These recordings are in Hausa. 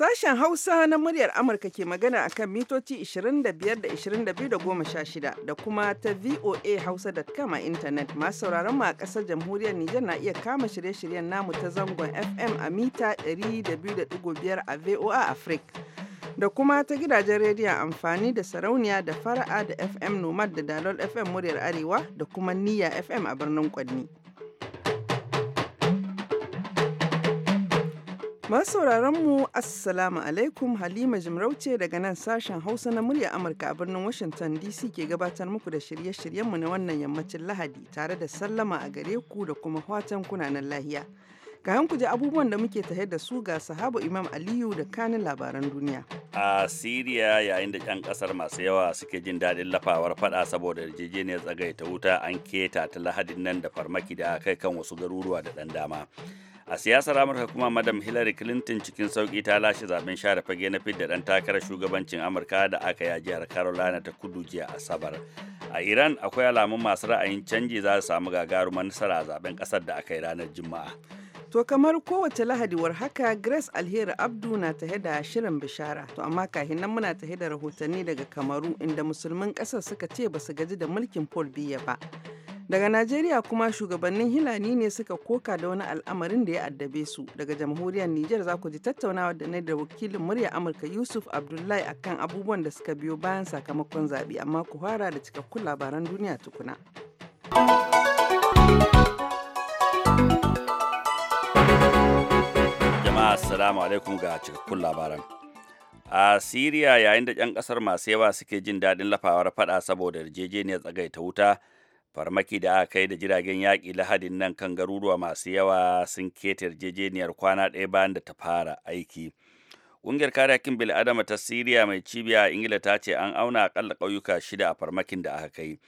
Sashen Hausa na muryar Amurka ke magana akan mitoci 25 da 22 da 16 da kuma ta VOA hausa da a intanet masu sauraron mu a ƙasar jamhuriyar Nijar na iya kama shirye-shiryen namu ta zangon FM a mita 200.5 a VOA Africa. Da kuma ta gidajen rediyon amfani da sarauniya da fara'a da FM Nomad da Dalol FM muryar Arewa da kuma Niyya FM a birnin Kwanni. Masu mu Assalamu alaikum Halima Jimarauce daga nan sashen Hausa na murya Amurka a birnin Washington DC ke gabatar muku da shirye-shiryenmu na wannan yammacin Lahadi tare da sallama a gare ku da kuma watan kunanan lahiya. Ga ku ji abubuwan da muke tahe da su ga sahabu Imam Aliyu da kanin labaran duniya. A Siriya yayin da 'yan kasar masu yawa suke jin daɗin lafawar fada saboda yarjejeniyar tsagaita wuta an keta ta lahadin nan da farmaki da kai kan wasu garuruwa da ɗan dama. a siyasar amurka kuma madam hillary clinton cikin sauki ta lashe zaben share fage na fidda dan takarar shugabancin amurka da aka yi a jihar carolina ta kudu jiya asabar a iran akwai alamun masu ra'ayin canji za su samu gagaruman nasara a zaben kasar da aka yi ranar juma'a To kamar kowace lahadiwar haka Grace Alheri Abdu na tahe da shirin bishara. To amma kahin nan muna tahe da rahotanni daga Kamaru inda musulmin kasar suka ce ba su gaji da mulkin Paul Biya ba. Daga Najeriya kuma shugabannin Hilani ne suka koka da wani al'amarin da ya addabe su. Daga jamhuriyar Nijar za ku ji tattaunawa da na da wakilin murya Amurka Yusuf Abdullahi a kan abubuwan da suka biyo bayan sakamakon zaɓe amma ku fara da cikakkun labaran duniya tukuna. Jama'a assalamu alaikum ga cikakkun labaran. a Siriya yayin da 'yan kasar masu yawa suke jin daɗin lafawar faɗa saboda yarjejeniyar tsagaita wuta farmaki da aka kai da jiragen yaƙi lahadin nan kan garuruwa masu yawa sun keta yarjejeniyar kwana ɗaya bayan da ta fara aiki ƙungiyar kare hakkin bil'adama ta siriya mai cibiya a ingila ta ce an auna akalla ƙauyuka shida a farmakin da aka kai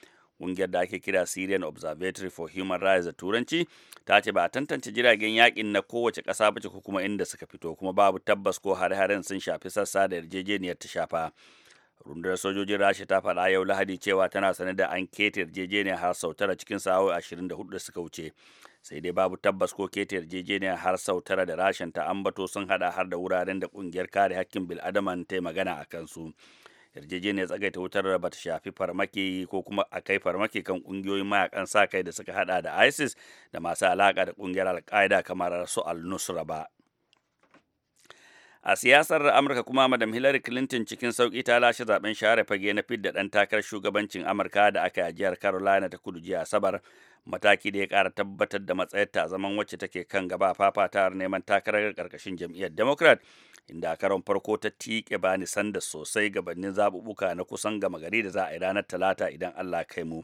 ƙungiyar da ake kira syrian observatory for human rights da turanci ta ce ba a tantance jiragen yakin na kowace ƙasa ba ko kuma inda suka fito kuma babu tabbas ko hare-haren sun shafi sassa da yarjejeniyar ta shafa rundunar sojojin rasha ta faɗa yau lahadi cewa tana sane da an keta yarjejeniya har sau tara cikin sa'o'i ashirin da hudu suka wuce sai dai babu tabbas ko keta yarjejeniya har sau tara da rashin ta ambato sun hada har da wuraren da kungiyar kare hakkin bil'adaman ta magana a kansu yarjejeniyar tsagaita wutar da bata shafi farmaki ko kuma a kai farmaki kan kungiyoyin mayakan sa kai da suka hada da isis da masu alaka da kungiyar al kamar su al-nusra ba a siyasar amurka kuma madam hillary clinton cikin sauki ta lashe zaben share fage na fidda dan takarar shugabancin amurka da aka yi a jihar carolina ta kudu jiya sabar mataki da ya kara tabbatar da matsayarta a zaman wacce take kan gaba fafatawar neman takarar karkashin jam'iyyar democrat inda a karon farko ta tike bani sanda sosai gabanin zaɓuɓɓuka na kusan gama gari da za a yi ranar talata idan allah kai mu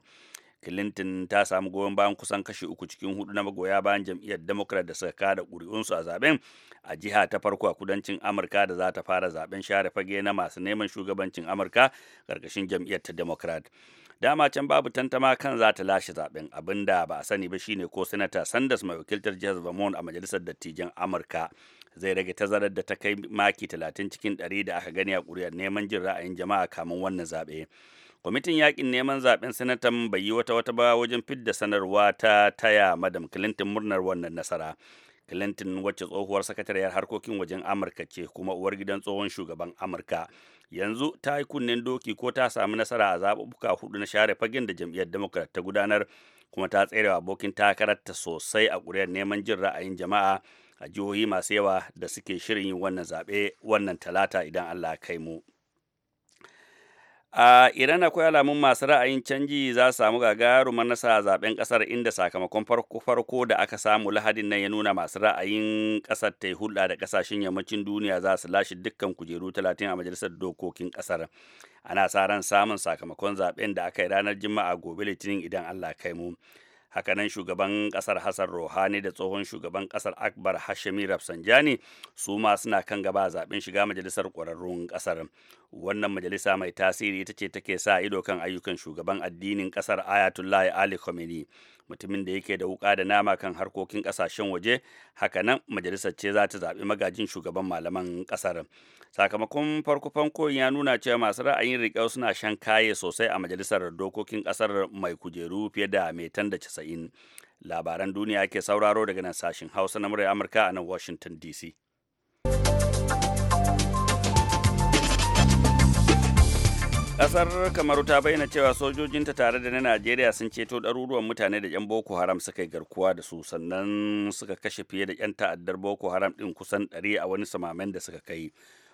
clinton ta samu goyon bayan kusan kashi uku cikin hudu na magoya bayan jam'iyyar democrat da suka kada ƙuri'unsu a zaben a jiha ta farko a kudancin amurka da za ta fara zaben share fage na masu neman shugabancin amurka ƙarƙashin jam'iyyar ta democrat dama can babu tantama kan za ta lashe zaben abin da ba a sani ba shine ko sanata sanders mai wakiltar jihar vermont a majalisar dattijan amurka zai rage tazarar da ta kai maki 30 cikin 100 da aka gani a ƙuri'ar neman jin ra'ayin jama'a kamun wannan zaɓe. kwamitin yakin neman zaɓen sanatan bai yi wata wata ba wajen fidda sanarwa ta taya madam clinton murnar wannan nasara clinton wacce tsohuwar sakatariyar harkokin wajen amurka ce kuma uwar gidan tsohon shugaban amurka yanzu ta yi kunnen doki ko ta samu nasara a zaɓuɓɓuka hudu na share fagen da jam'iyyar democrat ta gudanar kuma ta tsere abokin takararta sosai a ƙuri'ar neman jin ra'ayin jama'a a jihohi masu yawa da suke shirin yin wannan zaɓe wannan talata idan allah kai mu. a iran akwai alamun masu ra'ayin canji za su samu gagarumar nasa a zaben kasar inda sakamakon farko da aka samu lahadin nan ya nuna masu ra'ayin kasar ta hulɗa da kasashen yammacin duniya za su lashe dukkan kujeru 30 a majalisar dokokin kasar ana sa ran samun sakamakon zaben da aka yi ranar juma'a gobe litinin idan allah kai mu hakanan shugaban kasar hassan rohani da tsohon shugaban kasar akbar hashemi rafsanjani su ma suna kan gaba a zaben shiga majalisar kwararrun kasar wannan majalisa mai tasiri ita ce take sa ido kan ayyukan shugaban addinin kasar ayatollah ali khomeini mutumin da yake da wuka da nama kan harkokin kasashen waje haka nan, majalisar ce za ta zaɓi magajin shugaban malaman ƙasar sakamakon farko fankon ya nuna cewa masu ra'ayin riƙau suna shan kaye sosai a majalisar dokokin ƙasar mai kujeru fiye da mai da casa'in labaran duniya ke sauraro daga nan sashen hausa na murya amurka a nan washington dc kasar Kamaru ta bayyana cewa sojojinta tare da na Najeriya sun ceto ɗaruruwan mutane da 'yan Boko Haram suka yi garkuwa da su sannan suka kashe fiye da 'yan ta'addar Boko Haram ɗin kusan 100 a wani samamen da suka kai.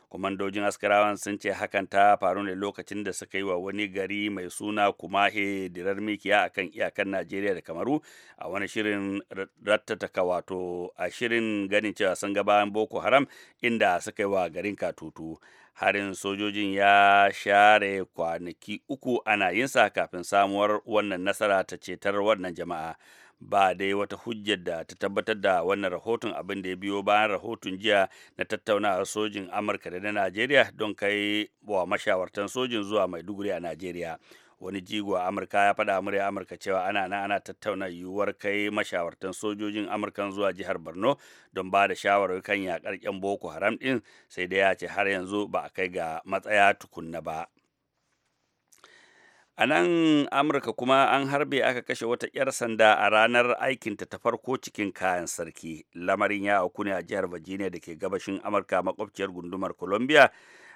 kwamandojin askarawan sun ce hakan ta faru ne lokacin da suka yi wa wani gari mai suna kumahe dirar mikiya a kan iyakan najeriya da kamaru a wani shirin rattataka wato a shirin ganin cewa sun gabayan boko haram inda suka yi wa garin katutu harin sojojin ya share kwanaki uku ana yinsa kafin samuwar wannan nasara ta cetar wannan jama'a ba dai wata hujjar da ta tabbatar da wannan rahoton abin da ya biyo bayan rahoton jiya na tattaunawar sojin amurka da na najeriya don kai wa mashawartan sojin zuwa maiduguri a najeriya wani jigo a amurka ya faɗa murya amurka cewa ana na ana tattauna yiwuwar kai mashawartan sojojin amurkan zuwa jihar borno don ba da shawarar kan yakar yan boko haram ɗin, sai dai ya ce har yanzu ba a kai ga matsaya tukunna ba A nan Amurka kuma an harbe aka kashe wata 'yar sanda a ranar aikinta ta farko cikin kayan sarki. Lamarin ya auku ne a jihar Virginia da ke gabashin Amurka makwabciyar gundumar Columbia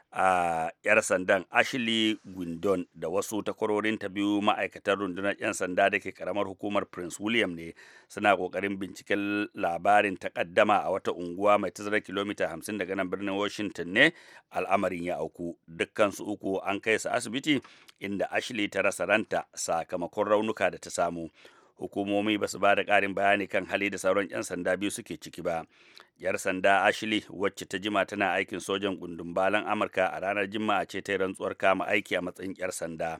a 'yar sandan ashley gwindon da wasu takwarorin ta biyu ma'aikatar rundunar 'yan sanda da ke karamar hukumar prince william ne suna kokarin binciken labarin takaddama a wata unguwa mai tazarar kilomita 50 daga nan birnin washington ne al'amarin ya auku dukkansu uku an kai su asibiti inda ashley ta rasa ranta sakamakon raunuka da ta samu hukumomi ba su ba da ƙarin bayani kan hali da sauran 'yan sanda biyu suke ciki ba yar sanda Ashley wacce ta jima tana aikin sojan gundumbalan amurka a ranar jima'a ce ta yi rantsuwar kama aiki a matsayin yar sanda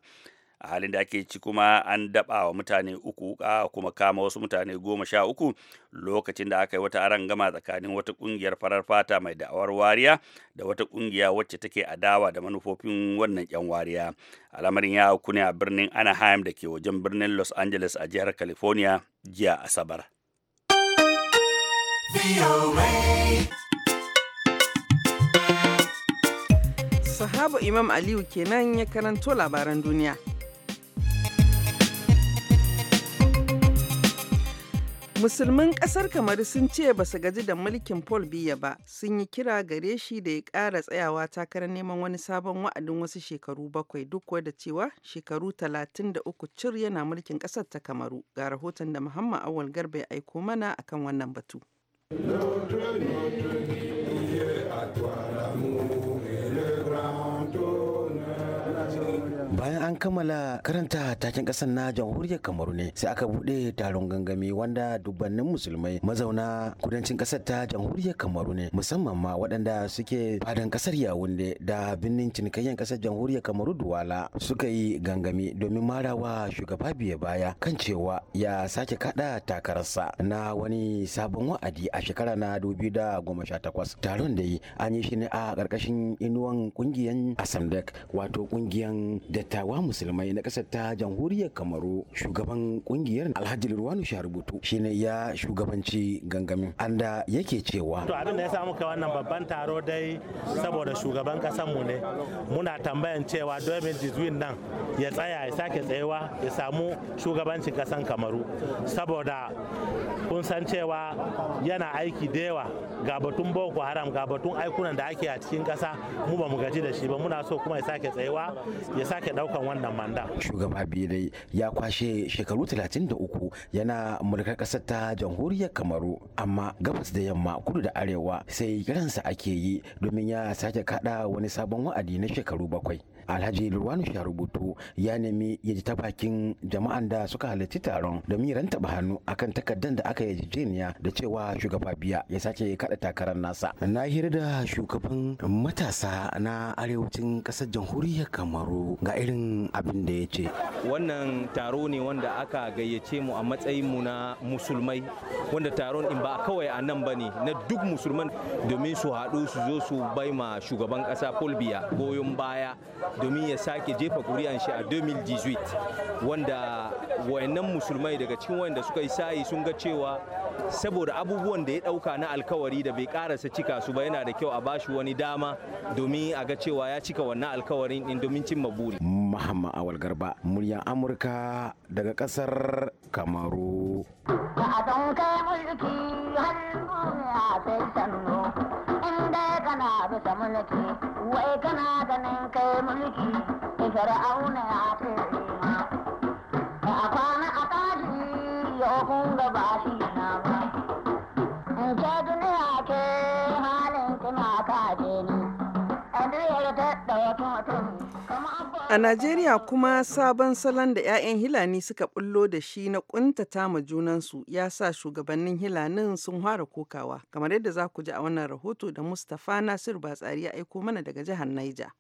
a halin da ake ci kuma an daɓa wa mutane uku a kuma kama wasu mutane goma sha uku lokacin da aka yi wata gama tsakanin wata ƙungiyar farar fata mai da'awar wariya da wata ƙungiya wacce take adawa da manufofin wannan 'yan wariya al'amarin ya auku ne a birnin anaheim da ke wajen birnin los angeles a jihar california jiya asabar Sahabu Imam Aliyu kenan ya karanto labaran duniya. Musulmin kasar kamar sun ce ba su gaji da mulkin Paul Biya ba, sun yi kira gare shi da ya ƙara tsayawa takarar neman wani sabon wa'adin wasu shekaru bakwai duk da cewa shekaru 33 cir yana mulkin ƙasar ta Kamaru. Ga rahoton da Muhammad Awal Garba ya aiko mana akan wannan batu. bayan an kammala karanta takin kasar na jamhuriyar kamaru ne sai aka bude taron gangami wanda dubbannin musulmai mazauna kudancin kasar ta jamhuriyar kamaru ne musamman ma waɗanda suke fadan kasar yawunde da birnin cinikayyar kasar jamhuriyar kamaru duwala suka yi gangami domin marawa shugaba biya baya kan cewa ya sake kaɗa takararsa na wani sabon wa'adi a shekara na 2018 taron da yi an yi shi ne a ƙarƙashin inuwan ƙungiyar asamdek wato ƙungiyar da dattawa musulmai na ƙasar ta jamhuriyar kamaru shugaban kungiyar alhaji ruwanu sharubutu shine ya shugabanci gangamin anda yake cewa to abin da ya samu kai wannan babban taro dai saboda shugaban mu ne muna tambayan cewa domin jizuin nan ya tsaya ya sake tsayawa ya samu shugabancin kasan kamaru saboda kun san cewa yana aiki da yawa ga batun boko haram ga batun aikunan da ake a cikin kasa mu ba mu gaji da shi ba muna so kuma ya sake tsayawa ya sake daukan wannan manda shugaba birai ya kwashe shekaru 33 yana mulkar kasar ta jamhuriyar kamaru amma gabas da yamma kudu da arewa sai kiransa ake yi domin ya sake kada wani sabon wa'adi na shekaru bakwai alhaji ruwanu rubutu ya nemi ya ji ta jama'an da suka halarci taron domin ranta taba hannu akan takardar da aka yarjejeniya da cewa shugaba biya ya sake kada takarar nasa na hira da shugaban matasa na arewacin kasar jamhuriyar kamaru ga irin abin da ya ce wannan taro ne wanda aka gayyace mu a matsayin mu na musulmai wanda taron in ba kawai a nan ba ne na duk musulman domin su haɗu su zo su bai ma shugaban ƙasa biya goyon baya domin ya sake jefa kuri'an shi a 2018 wanda wayannan musulmai daga cikin wayanda suka yi sa'i sun ga cewa saboda abubuwan da ya dauka na alkawari da bai karasa cika su ba yana da kyau a bashi wani dama domin a ga cewa ya cika wannan alkawarin din domin cimma buri Muhammad Awal Garba murya Amurka daga kasar Kamaru kana bisa mulki wai kana ganin kai mulki fir'auna ya ce ba a kwana a tashi yau kun gaba shi na ba A Najeriya kuma sabon salon da 'ya'yan Hilani suka bullo da shi na kuntata ma junansu ya sa shugabannin Hilanin sun fara kokawa, kamar yadda za ku ji a wannan rahoto da Mustapha nasiru Batsari ya aiko mana daga jihar Niger.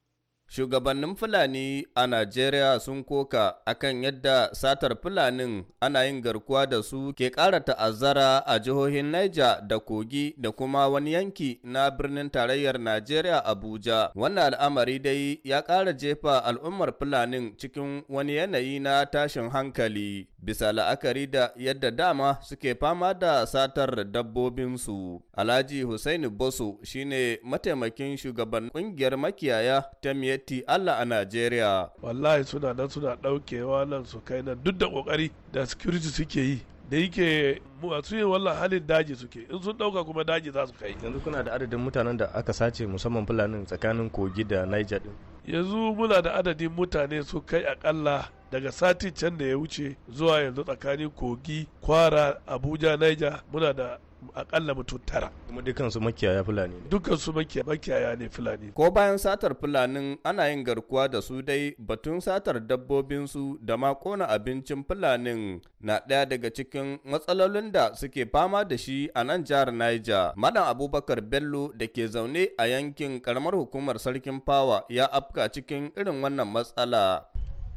Shugabannin Fulani a Najeriya sun koka akan yadda satar Fulanin ana yin garkuwa da su ke ƙara ta'azzara a jihohin Niger da Kogi da kuma wani yanki na birnin tarayyar Najeriya Abuja. Wannan al'amari dai ya ƙara jefa al'ummar Fulanin cikin wani yanayi na tashin hankali. bisa la'akari da yadda dama suke fama da satar dabbobinsu. Alhaji Hussaini Boso shine mataimakin shugaban kungiyar makiyaya ta miyatti Allah a Najeriya. Wallahi suna nan suna ɗaukewa nan su kai nan duk da ƙoƙari da security suke yi. da yake su yin wallan halin daji suke in sun dauka kuma daji za su kai yanzu kuna da adadin mutanen da aka sace musamman fulani tsakanin kogi da niger din yanzu muna da adadin mutane su kai akalla daga sati can da ya wuce zuwa yanzu tsakanin kogi kwara abuja naija muna da akalla mutum tara. Kuma dukansu makiyaya Fulani ne. Dukansu makiyaya ne Fulani. Ko bayan satar Fulanin ana yin garkuwa da su dai batun satar dabbobin su da ma kona abincin Fulanin na ɗaya daga cikin matsalolin da suke fama da shi a nan jihar Niger. Malam Abubakar Bello da ke zaune a yankin karamar hukumar Sarkin Fawa ya afka cikin irin wannan matsala.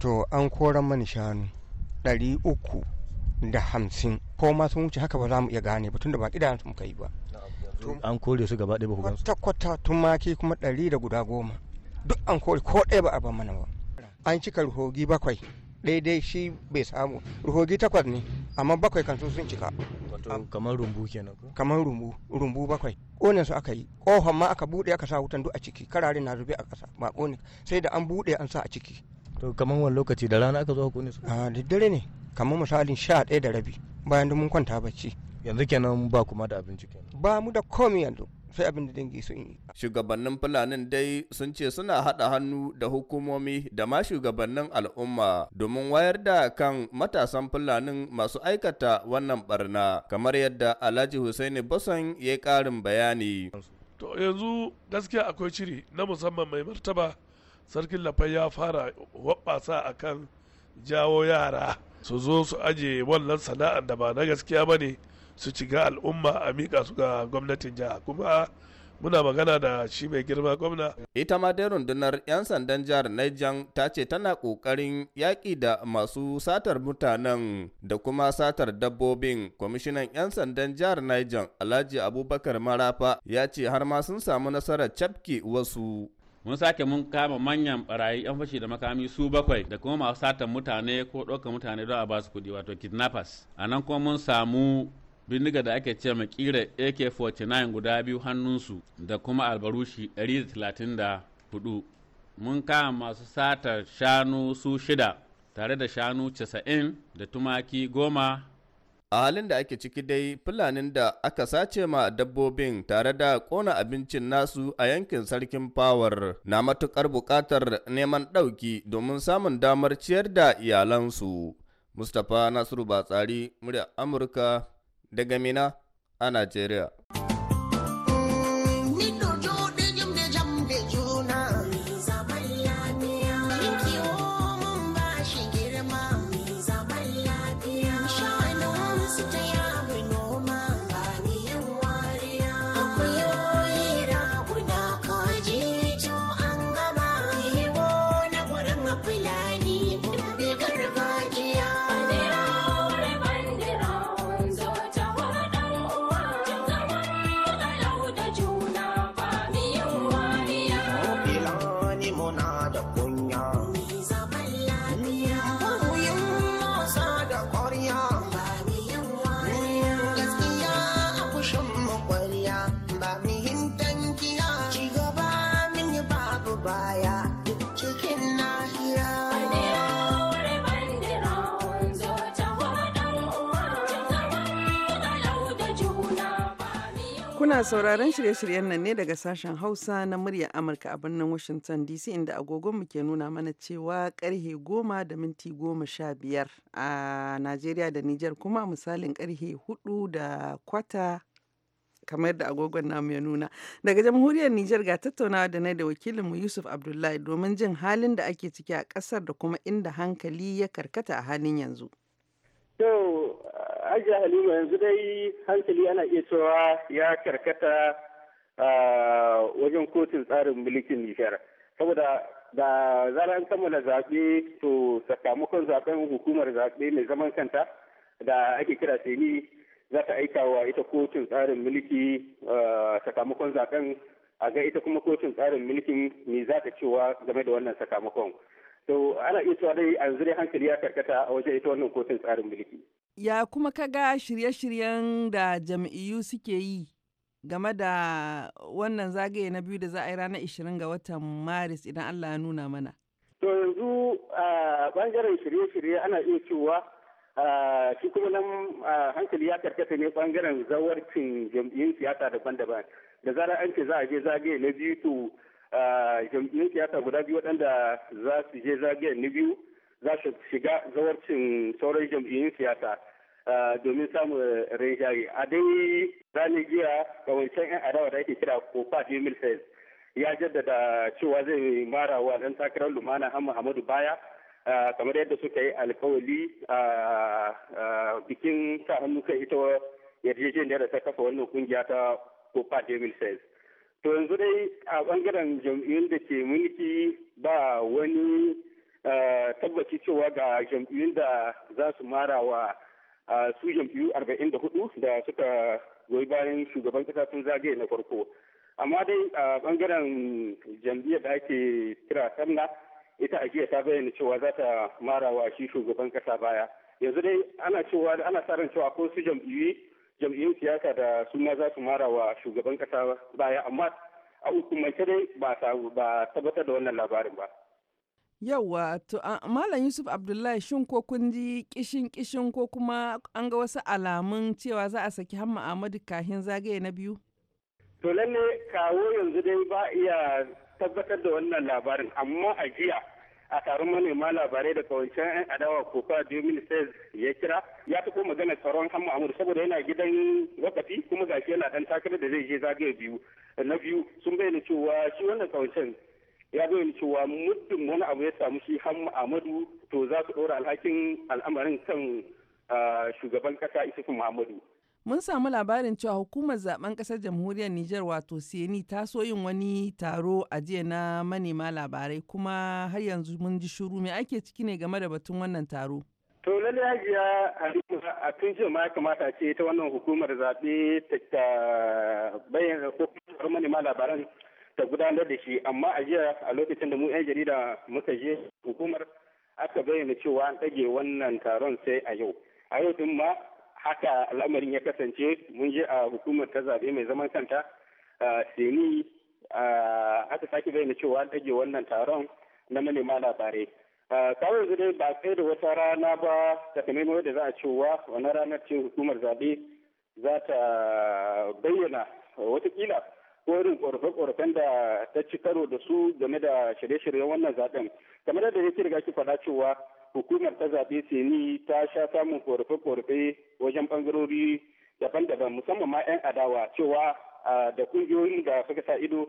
To an kora mani shanu ɗari uku da hamsin ko ma sun wuce haka ba za mu iya gane ba tunda ba idan mu kai ba an kore su gaba ɗaya ba ku gansu kwata kwata tumaki kuma ɗari da guda goma duk an kore ko ɗaya ba a ban mana ba an cika ruhogi bakwai daidai shi bai samu ruhogi takwas ne amma bakwai kan sun cika kamar rumbu kenan ko kamar rumbu rumbu bakwai ƙonin su aka yi ƙofan ma aka buɗe aka sa wutan duk a ciki karare na zube a ƙasa ba ƙone sai da an buɗe an sa a ciki to kamar wani lokaci da rana aka zo ƙone su a ah, da dare ne kamar misalin sha ɗaya da rabi bayan da mun kwanta bacci yanzu kenan ba kuma da abinci kenan ba mu da komi yanzu sai abin da dangi sun yi shugabannin fulanin dai sun ce suna haɗa hannu da hukumomi da ma shugabannin al'umma domin wayar da kan matasan fulanin masu aikata wannan barna kamar yadda alhaji hussaini basan ya ƙarin bayani to yanzu gaskiya akwai shiri na musamman mai martaba sarkin lafai ya fara hoɓɓasa akan jawo yara su zo su aje wannan sana'ar da ba na gaskiya ba ne su shiga al'umma a miƙa su ga gwamnatin jiha kuma muna magana da shi mai girma gwamna. Ita ma dai rundunar 'yan sandan jihar Niger ta ce tana ƙoƙarin yaƙi da masu satar mutanen da kuma satar dabbobin. Kwamishinan 'yan sandan jihar Niger Alhaji Abubakar Marafa ya ce har ma sun samu nasarar cafke wasu. mun sake mun kama manyan barayi yan fashi da makami su bakwai da kuma masu satan mutane ko ɗaukar mutane don a basu kuɗi wato kidnappers a nan kuma mun samu bindiga da ake ce ma kira ak-49 guda biyu hannunsu da kuma albarushi 134 mun kama masu satar shanu su shida tare da shanu 90 da tumaki goma a halin da ake ciki dai fulanin da aka sace ma dabbobin tare da kona abincin nasu a yankin sarkin fawar na matukar buƙatar neman ɗauki domin samun damar ciyar da iyalansu mustapha nasiru batsari murya amurka daga mina a najeriya Kuna sauraron shirye-shiryen nan ne daga sashen Hausa na muryar Amurka a birnin Washington DC inda mu ke nuna mana cewa karhe goma da minti goma sha biyar a Najeriya da Nijar kuma misalin karhe hudu da kwata kamar da agogon namu ya nuna daga jamhuriyar Nijar ga tattaunawa da na da wakilinmu Yusuf Abdullahi domin jin halin da ake ciki a ƙasar da kuma inda hankali ya karkata a halin yanzu. ajiye halima yanzu dai hankali ana iya cewa ya karkata wajen kotun tsarin mulkin nijar saboda da zaran kammala zaɓe to sakamakon zaɓen hukumar zaɓe mai zaman kanta da ake kira seni za ta aika wa ita kotun tsarin mulki sakamakon zaɓen a ga ita kuma kotun tsarin mulkin ne za ta cewa game da wannan sakamakon to ana iya cewa dai an zure hankali ya karkata a wajen ita wannan kotun tsarin mulki Ya kuma kaga shirye-shiryen da jam'iyyu suke yi game da wannan zagaye na biyu da za a yi ranar 20 ga watan Maris idan Allah ya nuna mana? To yanzu a bangaren shirye-shirye ana iya cewa shi kuma nan hankali ya karkata ne bangaren zawarcin jam'iyyun siyasa daban-daban. Da zarar an ce za a je zagaye na biyu to jam'iyyun siyasa guda biyu waɗanda za su je zagayen na biyu za su shiga zawarcin sauran jam'iyyun siyasa domin samun rinjaye a dai rani jiya ga wancan 'yan adawa da ake kira kofa female ya jaddada cewa zai mara wa dan takarar lumana hamma muhammadu baya kamar yadda suka yi alkawali a bikin sa hannu kan ita yarjejeniyar da ta kafa wannan kungiya ta kofa female to yanzu dai a bangaren jam'iyyun da ke mulki ba wani Eh, tabbaci cewa ga jam'iyyun da za su mara wa eh, su jam'iyyu arba'in da suka goyi bayan shugaban kasa sun zagaye na farko amma dai a eh, bangaren jam'iyyar da ake kira samna ita a jiya ta bayyana cewa za ta mara wa shi shugaban kasa baya yanzu dai ana cewa ana sa ran cewa ko su jam'iyyu jam'iyyun siyasa da suna ma za su mara wa shugaban kasa baya amma a hukumance dai ba tabbatar da wannan labarin ba Yawwa, to Malam Yusuf Abdullahi shin ko kun ji kishin kishin ko kuma an ga wasu alamun cewa za a saki Hamma amadu kahin zagaye na biyu? To lalle kawo yanzu dai ba iya tabbatar da wannan labarin amma a jiya a taron manema labarai da kawancen 'yan adawa kofa biyu ya kira ya taɓo magana tsaron hamma amur saboda yana gidan wakafi kuma gashi yana dan takarar da zai je zagaye biyu na biyu sun bayyana cewa shi wannan kawancen ya ni cewa muddin wani abu ya samu shi hamma amadu to za su ɗora alhakin al'amarin kan shugaban ƙasa isufu muhammadu mun samu labarin cewa hukumar zaben kasar jamhuriyar Nijar wato Seni ta so yin wani taro a jiya na manema labarai kuma har yanzu mun ji shuru me ake ciki ne game da batun wannan taro. To lalle hajiya a tun jiya ma kamata ce ta wannan hukumar zaɓe ta bayyana ko manema labaran ta gudanar da shi amma a jiya a lokacin da mu 'yan jarida muka je hukumar aka bayyana cewa an ɗage wannan taron sai a yau a yau din ma haka al'amarin ya kasance mun je a hukumar ta zaɓe mai zaman kanta seni aka sake bayyana cewa an ɗage wannan taron na manema labarai kawo yanzu dai ba sai da wata rana ba mai da za a cewa wani ranar ce hukumar zaɓe za ta bayyana watakila korin korafe-korafen da ta ci karo da su game da shirye-shiryen wannan zaben kamar yadda yake riga ki faɗa cewa hukumar ta zaɓe seni ta sha samun korafe-korafe wajen ɓangarori daban-daban musamman ma 'yan adawa cewa da ƙungiyoyin da suka sa ido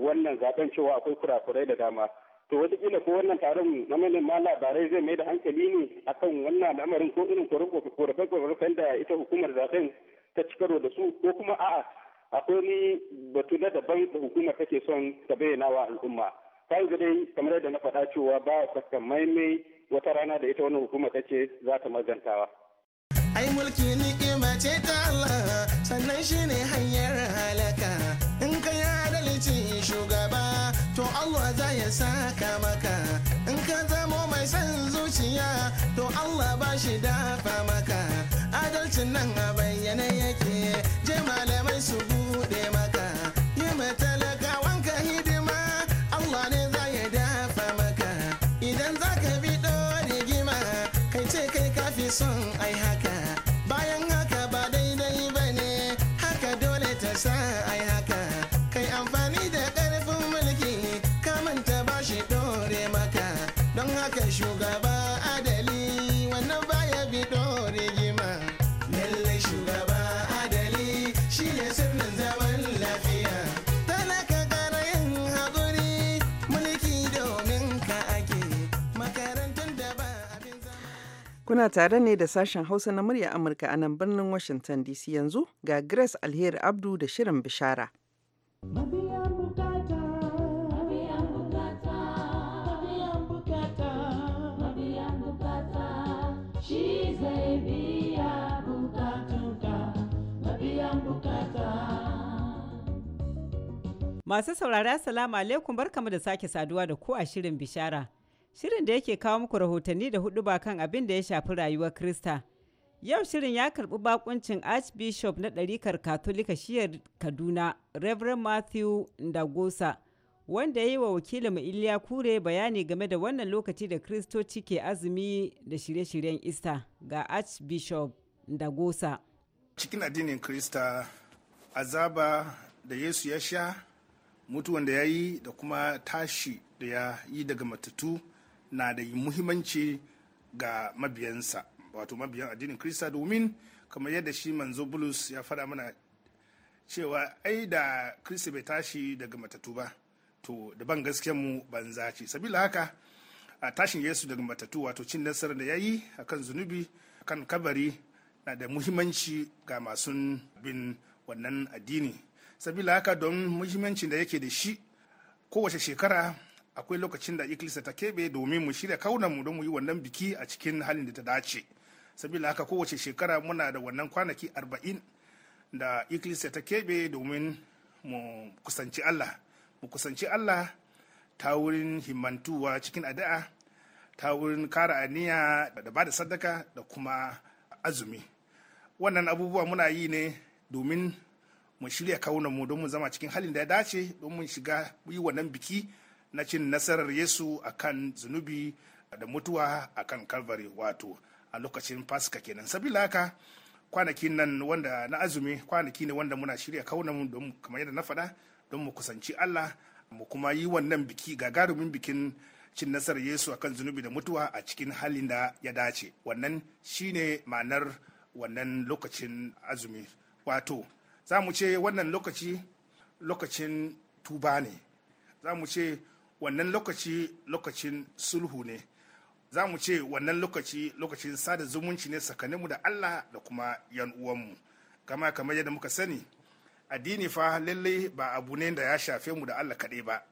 wannan zaben cewa akwai kurakurai da dama to wataƙila ko wannan taron na manema labarai zai mai da hankali ne akan wannan lamarin ko irin korafe-korafen da ita hukumar zaɓen ta ci karo da su ko kuma a'a akwai wani batu na daban da hukumar take son ta bayyana wa al'umma ta yanzu dai kamar yadda na faɗa cewa ba a maimai wata rana da ita wannan hukuma ta ce za ta magantawa. ai mulki ni'ima ce ta Allah sannan shi ne hanyar halaka in ka yi adalci shugaba to Allah za ya saka maka in ka zamo mai son zuciya to Allah ba shi dafa maka Kuna tare ne da sashen Hausa na murya Amurka a nan birnin Washington DC yanzu ga Grace Alheri Abdu da Shirin Bishara. Masu saurari salamu alaikum barkamu da sake saduwa da ku a shirin bishara. Shirin da yake kawo muku rahotanni da hudu ba kan abin da ya shafi rayuwar Krista. Yau shirin ya karbi bakuncin Archbishop na ɗarikar Katolika shiyar Kaduna, Reverend Matthew Ndagosa, wanda ya yi wa wakilin mu Iliya Kure bayani game da wannan lokaci da Kiristoci ke azumi da shirye-shiryen ista ga Archbishop Ndagosa. Cikin addinin Krista, azaba da Yesu ya sha, mutuwan da ya yi da kuma tashi da ya yi daga matattu na da muhimmanci ga mabiyansa wato mabiyan addinin krista domin kamar yadda shi manzo bulus ya faɗa mana cewa ai da kristi bai tashi daga matatu ba to da ban gasken mu banza ce sabila haka a tashin yesu daga matatu wato cin nasarar da ya yi akan zunubi kan kabari na da muhimmanci ga masu bin wannan addini sabila haka don muhimmancin da yake da shi kowace shekara akwai lokacin da ikilisa ta kebe domin mu shirya kaunan mu don mu yi wannan biki a cikin halin da ta dace sabila haka kowace shekara muna da wannan kwanaki arba'in da ikilisa ta kebe domin mu kusanci allah mu kusanci allah ta wurin himmantuwa cikin addu'a ta wurin kara aniya da ba da sadaka da kuma azumi wannan abubuwa muna yi ne domin mu shirya kaunan mu don mu zama cikin halin da ya dace don mu shiga yi wannan biki na cin nasarar yesu akan zunubi da mutuwa akan kalvari wato a lokacin fasika kenan sabila haka kwanaki nan wanda na azumi kwanaki ne wanda muna shirya kaunan don kamar yadda na faɗa don mu kusanci allah mu kuma yi wannan biki gagarumin bikin cin nasarar yesu akan zunubi da mutuwa a cikin halin da ya dace wannan shine ma'anar wannan lokacin azumi wato za mu ce wannan lokaci lokacin tuba ne za mu ce wannan lokaci lokacin sulhu ne za mu ce wannan lokaci lokacin sada zumunci ne tsakaninmu da allah da kuma yan uwanmu kama kamar yadda muka sani addini fa lallai ba abu ne da ya shafe mu da allah kaɗai ba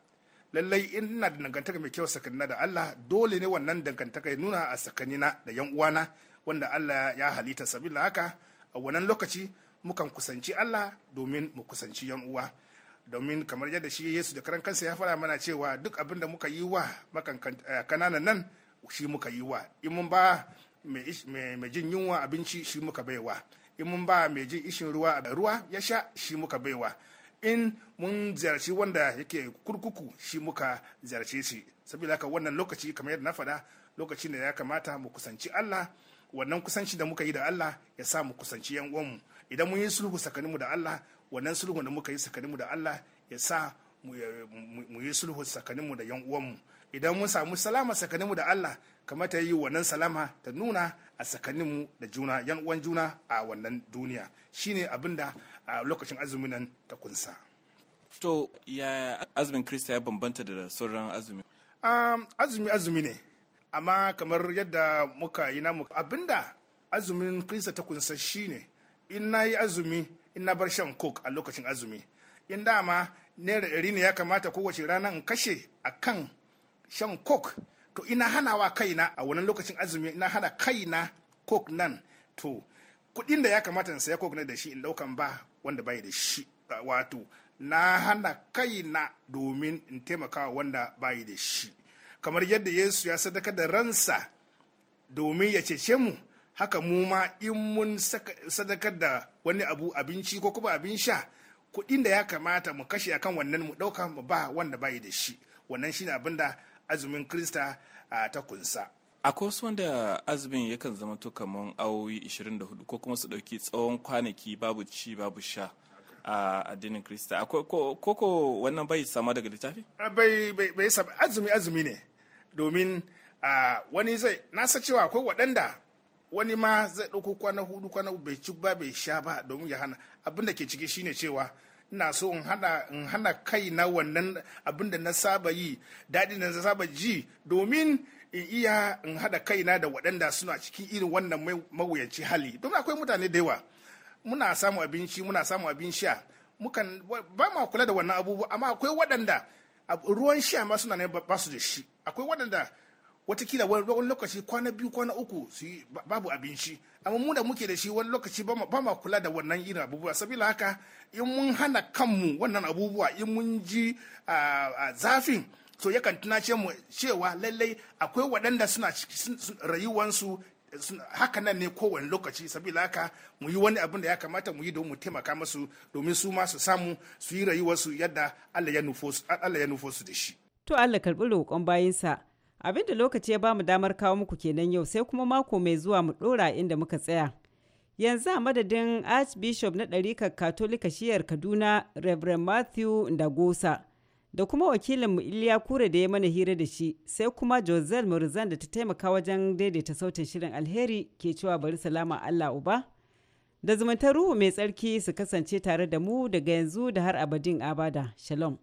lallai ina da dangantaka mai kyau tsakanina da Allah dole ne wannan dangantaka ya nuna a tsakanina da yan uwana wanda Allah ya halitta sabila haka a wannan lokaci mukan kusanci Allah domin mu kusanci yan uwa domin kamar yadda shi yesu da karan kansa ya fara mana cewa duk abin da muka yi wa eh, kananan nan shi muka yi wa in mun ba mai jin yunwa abinci shi muka baiwa in mun ba mai jin ishin ruwa a ruwa ya sha shi muka baiwa in mun ziyarci wanda yake kurkuku shi muka ziyarce shi saboda haka wannan lokaci kamar yadda na faɗa lokaci da ya kamata mu kusanci Allah wannan kusanci da muka yi da Allah ya sa mu kusanci yan uwanmu idan mun yi sulhu tsakaninmu da Allah wannan sulhun da muka yi tsakaninmu da Allah ya sa mu yi sulhu tsakaninmu da yan uwanmu idan mun samu salama tsakaninmu da Allah ta yi wannan salama ta nuna a tsakaninmu da juna yan uwan juna a wannan duniya shine abin da a lokacin azumin nan ta kunsa to ya azumin krista ya bambanta da sauran azumi azumi azumi ne amma kamar yadda muka yi namu abinda azumin krista ta kunsa shine in na yi azumi in na bar shan coke a lokacin azumi in dama naira ɗari ne ya kamata kowace rana in kashe a kan shan coke to ina hanawa kaina a wannan lokacin azumi ina hana kaina coke nan to kuɗin da ya kamata in saya coke na da shi in ɗaukan ba wanda bai da shi wato na hana kaina domin in taimakawa wanda bai da shi kamar yadda yesu ya sadaka da ransa domin ya cece mu haka mu ma in mun sadakar da wani abu abinci ko kuma abin sha kuɗin da ya kamata mu kashe akan wannan mu ɗauka mu ba wanda bayi da shi wannan shine abin da azumin krista ta kunsa akwai wasu wanda azumin yakan zama to kamar awowi 24 ko kuma su ɗauki tsawon kwanaki babu ci babu sha a addinin krista ko ko wannan bai sama daga littafi bai bai azumi azumi ne domin wani zai na cewa akwai waɗanda wani ma zai ɗauko kwana hudu kwana bai ci ba bai sha ba domin ya hana abin da ke ciki shine cewa ina so in hana in hana kai na wannan abin da na saba yi daɗi na saba ji domin in iya in haɗa kaina da waɗanda suna cikin irin wannan mawuyaci hali domin akwai mutane da yawa muna samu abinci muna samu abin sha mukan ba ma kula da wannan abubuwa amma akwai waɗanda ruwan sha ma suna ne ba su da shi akwai waɗanda watakila wani lokaci kwana biyu kwana uku su yi babu abinci amma mu da muke da shi wani lokaci ba ma kula da wannan irin abubuwa saboda haka in mun hana kanmu wannan abubuwa in mun ji zafin to yakan tunace mu cewa lallai akwai waɗanda suna rayuwansu haka nan ne kowane lokaci saboda haka mu yi wani abin da ya kamata mu yi don mu taimaka masu domin su ma su samu su yi rayuwarsu yadda Allah ya nufo su da shi. To Allah karɓi roƙon bayinsa. abinda lokaci ya bamu damar kawo muku kenan yau sai kuma mako mai zuwa mu ɗora inda muka tsaya. Yanzu a madadin Archbishop na ɗarikar Katolika shiyar Kaduna, Reverend Matthew Ndagosa, da kuma wakilin mu Iliya Kure da ya mana hira da shi, sai kuma Josel Murzan da ta taimaka wajen daidaita sautin shirin alheri ke cewa bari salama Allah Uba. Da zumuntar ruhu mai tsarki su kasance tare da mu daga yanzu da har abadin abada. Shalom.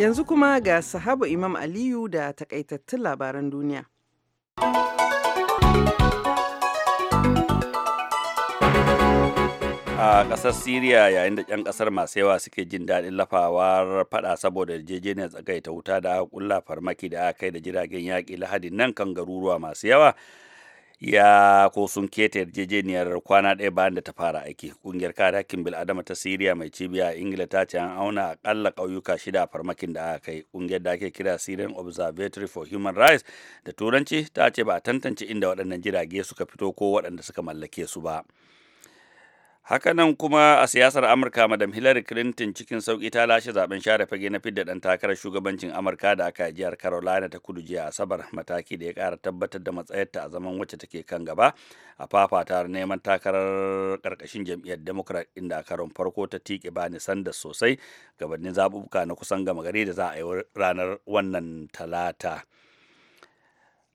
Yanzu kuma ga sahabu Imam Aliyu da takaitattun labaran duniya. a ƙasar siriya yayin da 'yan ƙasar masu yawa suke jin daɗin lafawar faɗa saboda yarjejeniyar tsagaita wuta da aka kulla farmaki da aka kai da jiragen yaƙi lahadin nan kan garuruwa masu yawa ya ko sun keta yarjejeniyar kwana ɗaya bayan da ta fara aiki ƙungiyar kare hakkin bil'adama ta siriya mai cibiya a ingila ta ce an auna aƙalla ƙauyuka shida a farmakin da aka kai ƙungiyar da ake kira syrian observatory for human rights da turanci ta ce ba a tantance inda waɗannan jirage suka fito ko waɗanda suka mallake su ba haka nan kuma a siyasar amurka madam hillary clinton cikin sauki ta lashe zaben share fage na fidda dan takarar shugabancin amurka da aka jihar carolina ta kudu jiya asabar mataki da ya kara tabbatar da matsayarta a zaman wacce take kan gaba a fafatar neman takarar karkashin jam'iyyar democrat inda a karon farko ta tike bani sanders sosai gabanin zabubuka na kusan gama gari da za a yi ranar wannan talata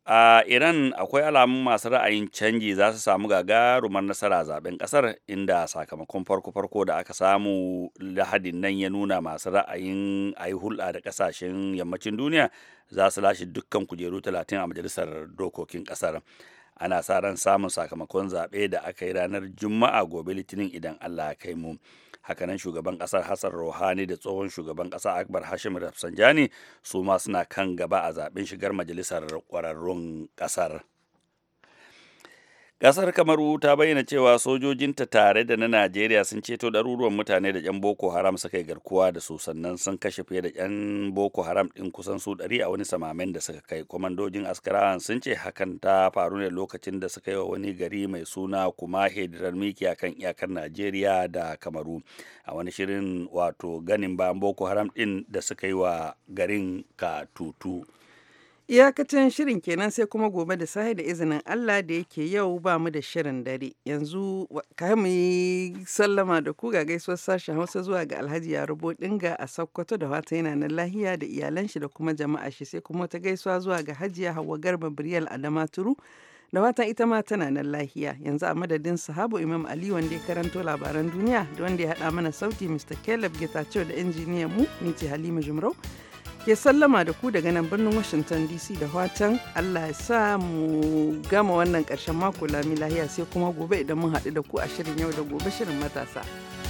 a iran akwai alamun masu ra'ayin canji za su samu gagarumar nasara zaben kasar inda sakamakon farko-farko da aka samu lahadin nan ya nuna masu ra'ayin a yi hulɗa da ƙasashen yammacin duniya za su lashe dukkan kujeru 30 a majalisar dokokin kasar ana sa ran samun sakamakon zaɓe da aka yi ranar juma'a gobe litinin idan allah ya kai mu hakanan shugaban kasar hassan rohani da tsohon shugaban kasa akbar hashim rafsanjani su ma suna kan gaba a zaben shigar majalisar kwararrun kasar Ƙasar Kamaru ta bayyana cewa sojojinta tare da na Najeriya sun ceto ɗaruruwan mutane da 'yan Boko Haram suka yi garkuwa da su sannan sun kashe fiye da 'yan Boko Haram ɗin kusan su ɗari a wani samamen da suka kai. Kwamandojin askarawan sun ce hakan ta faru ne lokacin da suka yi wa wani gari mai suna kuma hedirar miki a kan iyakar Najeriya da Kamaru a wani shirin wato ganin bayan Boko Haram ɗin da suka yi wa garin ka tutu. Iyakacin shirin kenan sai kuma gobe da sahi da izinin Allah da yake yau ba mu da shirin dare. Yanzu ka mu yi sallama da ku ga gaisuwar sashen Hausa zuwa ga Alhaji Yarubo Dinga a Sokoto da wata yana nan lahiya da iyalan shi da kuma jama'a shi sai kuma ta gaisuwa zuwa ga Hajiya Hauwa Garba Biryal Adama Turu da wata ita ma tana nan lahiya. Yanzu a madadin sahabu Imam Ali wanda ya karanto labaran duniya da wanda ya haɗa mana sauti Mr. Caleb Getachew da injiniyan mu ni Halima Jumrau. ke sallama da ku daga nan birnin Washington DC da watan Allah ya sa mu gama wannan ƙarshen mako lami lahiya sai kuma gobe idan mun haɗu da ku a shirin yau da gobe shirin matasa.